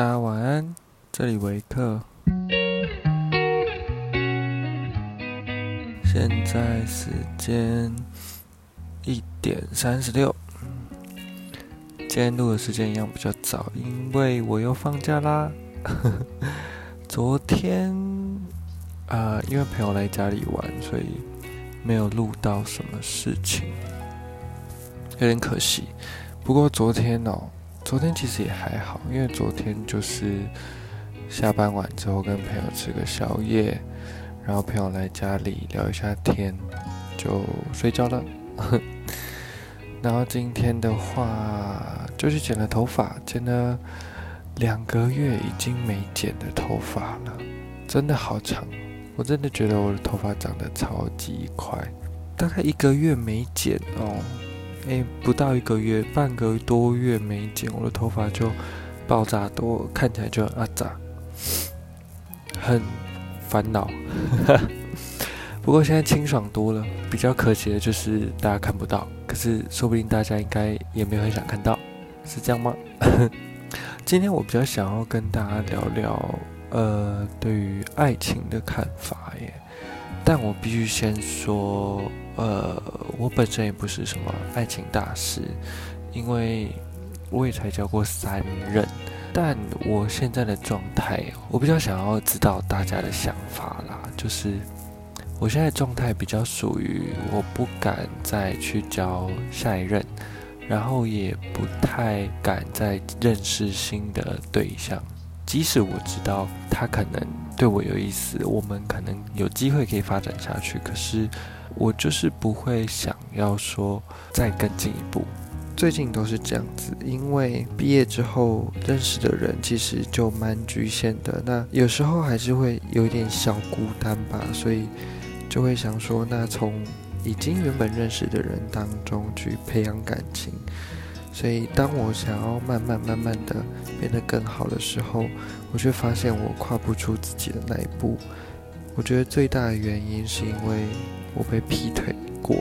大家晚安，這裡維克。現在時間一點三十六，今天錄的時間一樣比較早，因為我又放假啦。呵呵昨天啊、呃，因為朋友來家裡玩，所以沒有錄到什麼事情，有點可惜。不過昨天哦。昨天其實也還好，因為昨天就是下班晚之後跟朋友吃個宵夜，然後朋友來家裡聊一下天，就睡覺了。 然後今天的話就去剪了頭髮，剪了兩個月已經沒剪的頭髮了，真的好長，我真的覺得我的頭髮長得超級快，大概一個月沒剪哦。欸，不到一個月，半個多月沒剪，我的頭髮就爆炸多，看起來就很阿雜，很煩惱。 不過現在清爽多了。比較可惜的就是大家看不到，可是說不定大家應該也沒有很想看到，是這樣嗎？ 今天我比較想要跟大家聊聊，呃，對於愛情的看法耶。但我必須先說，呃。我本身也不是什麼愛情大師，因為我也才交過三任，但我現在的狀態，我比較想要知道大家的想法啦。就是我現在狀態比較屬於我不敢再去交下一任，然後也不太敢再認識新的對象，即使我知道他可能。對我有意思，我們可能有機會可以發展下去。可是我就是不會想要說再更進一步。最近都是這樣子，因為畢業之後認識的人其實就蠻局限的。那有時候還是會有一點小孤單吧，所以就會想說，那從已經原本認識的人當中去培養感情。所以，當我想要慢慢、慢慢的變得更好的時候，我卻發現我跨不出自己的那一步。我覺得最大的原因是因為我被劈腿過，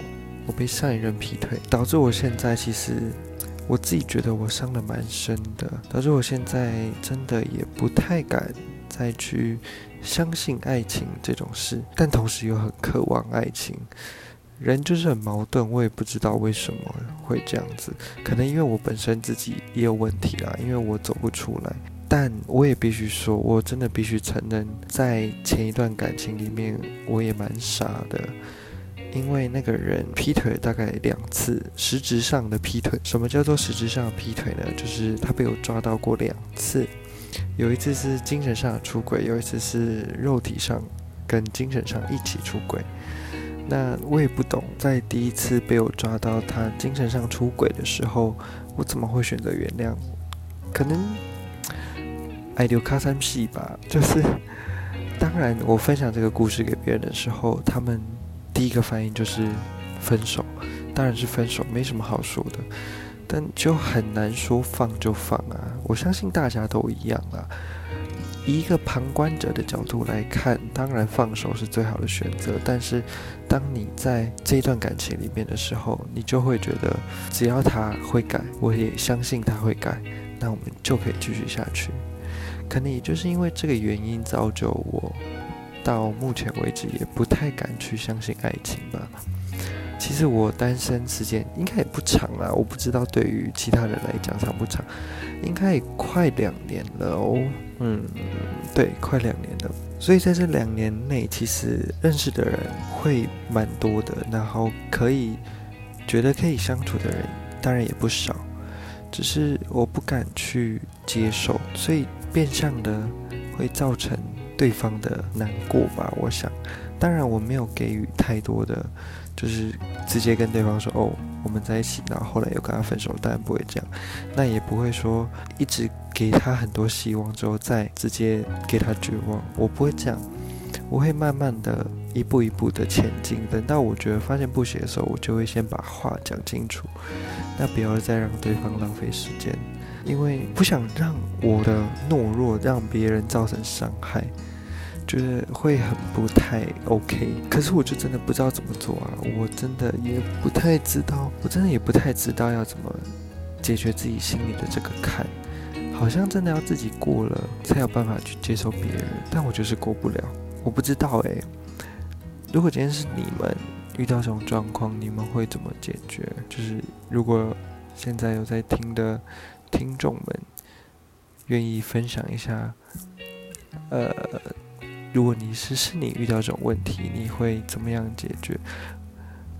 我被上一任劈腿，導致我現在其實我自己覺得我傷得蠻深的，導致我現在真的也不太敢再去相信愛情這種事，但同時又很渴望愛情。人就是很矛盾，我也不知道為什麼會這樣子，可能因為我本身自己也有問題啦，因為我走不出來。但我也必須說，我真的必須承認，在前一段感情裡面，我也蠻傻的，因為那個人劈腿大概兩次，實質上的劈腿。什麼叫做實質上的劈腿呢？就是他被我抓到過兩次，有一次是精神上的出軌，有一次是肉體上跟精神上一起出軌。那我也不懂，在第一次被我抓到他精神上出軌的時候，我怎麼會選擇原諒？可能愛到卡慘死吧。就是，當然，我分享這個故事給別人的時候，他們第一個反應就是分手，當然是分手，沒什麼好說的。但就很難說放就放啊！我相信大家都一樣啊。以一個旁觀者的角度來看，當然放手是最好的選擇。但是，當你在這段感情裡面的時候，你就會覺得，只要他會改，我也相信他會改，那我們就可以繼續下去。可能也就是因為這個原因，造就我到目前為止也不太敢去相信愛情吧。其實我單身時間應該也不長啦，我不知道對於其他人來講長不長，應該也快兩年了哦。嗯，對，快兩年了。所以在這兩年內，其實認識的人會蠻多的，然後可以覺得可以相處的人當然也不少，只是我不敢去接受，所以變相的會造成對方的難過吧。我想，當然我沒有給予太多的。就是直接跟對方說哦，我們在一起，然後後來又跟他分手，當然不會這樣，那也不會說一直給他很多希望之後再直接給他絕望，我不會這樣，我會慢慢的一步一步的前進，等到我覺得發現不行的時候，我就會先把話講清楚，那不要再讓對方浪費時間，因為不想讓我的懦弱讓別人造成傷害。就是會很不太 OK，可是我就真的不知道怎麼做啊！我真的也不太知道，我真的也不太知道要怎麼解決自己心裡的這個坎。好像真的要自己過了，才有辦法去接受別人。但我就是過不了，我不知道誒、欸，如果今天是你們遇到這種狀況，你們會怎麼解決？就是如果現在有在聽的聽眾們，願意分享一下，呃。如果你是是你遇到這種問題，你會怎麼樣解決？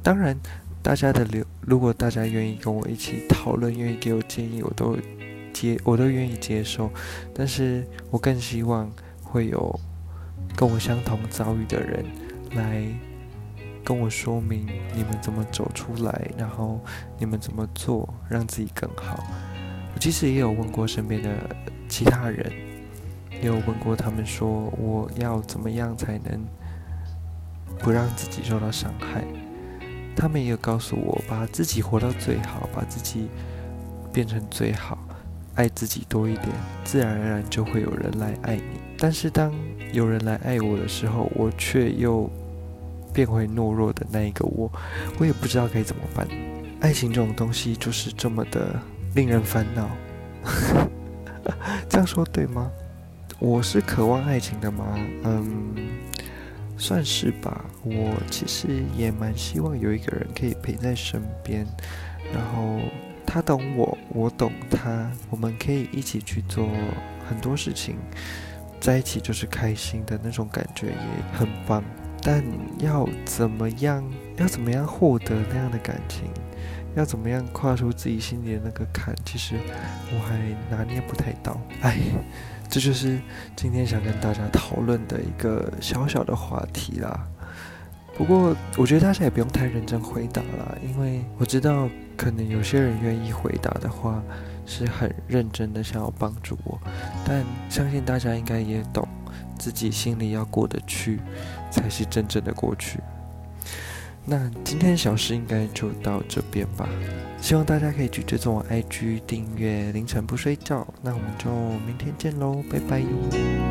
當然，大家的留，如果大家願意跟我一起討論，願意給我建議，我都接，我都願意接受。但是我更希望會有跟我相同遭遇的人來跟我說明你們怎麼走出來，然後你們怎麼做讓自己更好。我其實也有問過身邊的其他人。也有問過他們說：“我要怎麼樣才能不讓自己受到傷害？”他們也有告訴我：“把自己活到最好，把自己變成最好，愛自己多一點，自然而然就會有人來愛你。”但是當有人來愛我的時候，我卻又變回懦弱的那一個我，我也不知道該怎麼辦。愛情這種東西就是這麼的令人煩惱， 這樣說對嗎？我是渴望愛情的嗎？嗯，算是吧。我其實也蠻希望有一個人可以陪在身邊，然後他懂我，我懂他，我們可以一起去做很多事情，在一起就是開心的那種感覺也很棒。但要怎麼樣？要怎麼樣獲得那樣的感情？要怎麼樣跨出自己心裡的那個坎？其實我還拿捏不太到。唉，這就是今天想跟大家討論的一個小小的話題啦。不過我覺得大家也不用太認真回答啦，因為我知道可能有些人願意回答的話，是很認真的想要幫助我。但相信大家應該也懂，自己心裡要過得去，才是真正的過去。那今天的小事應該就到這邊吧，希望大家可以去追蹤我 IG，訂閱凌晨不睡覺，那我們就明天見嘍，拜拜。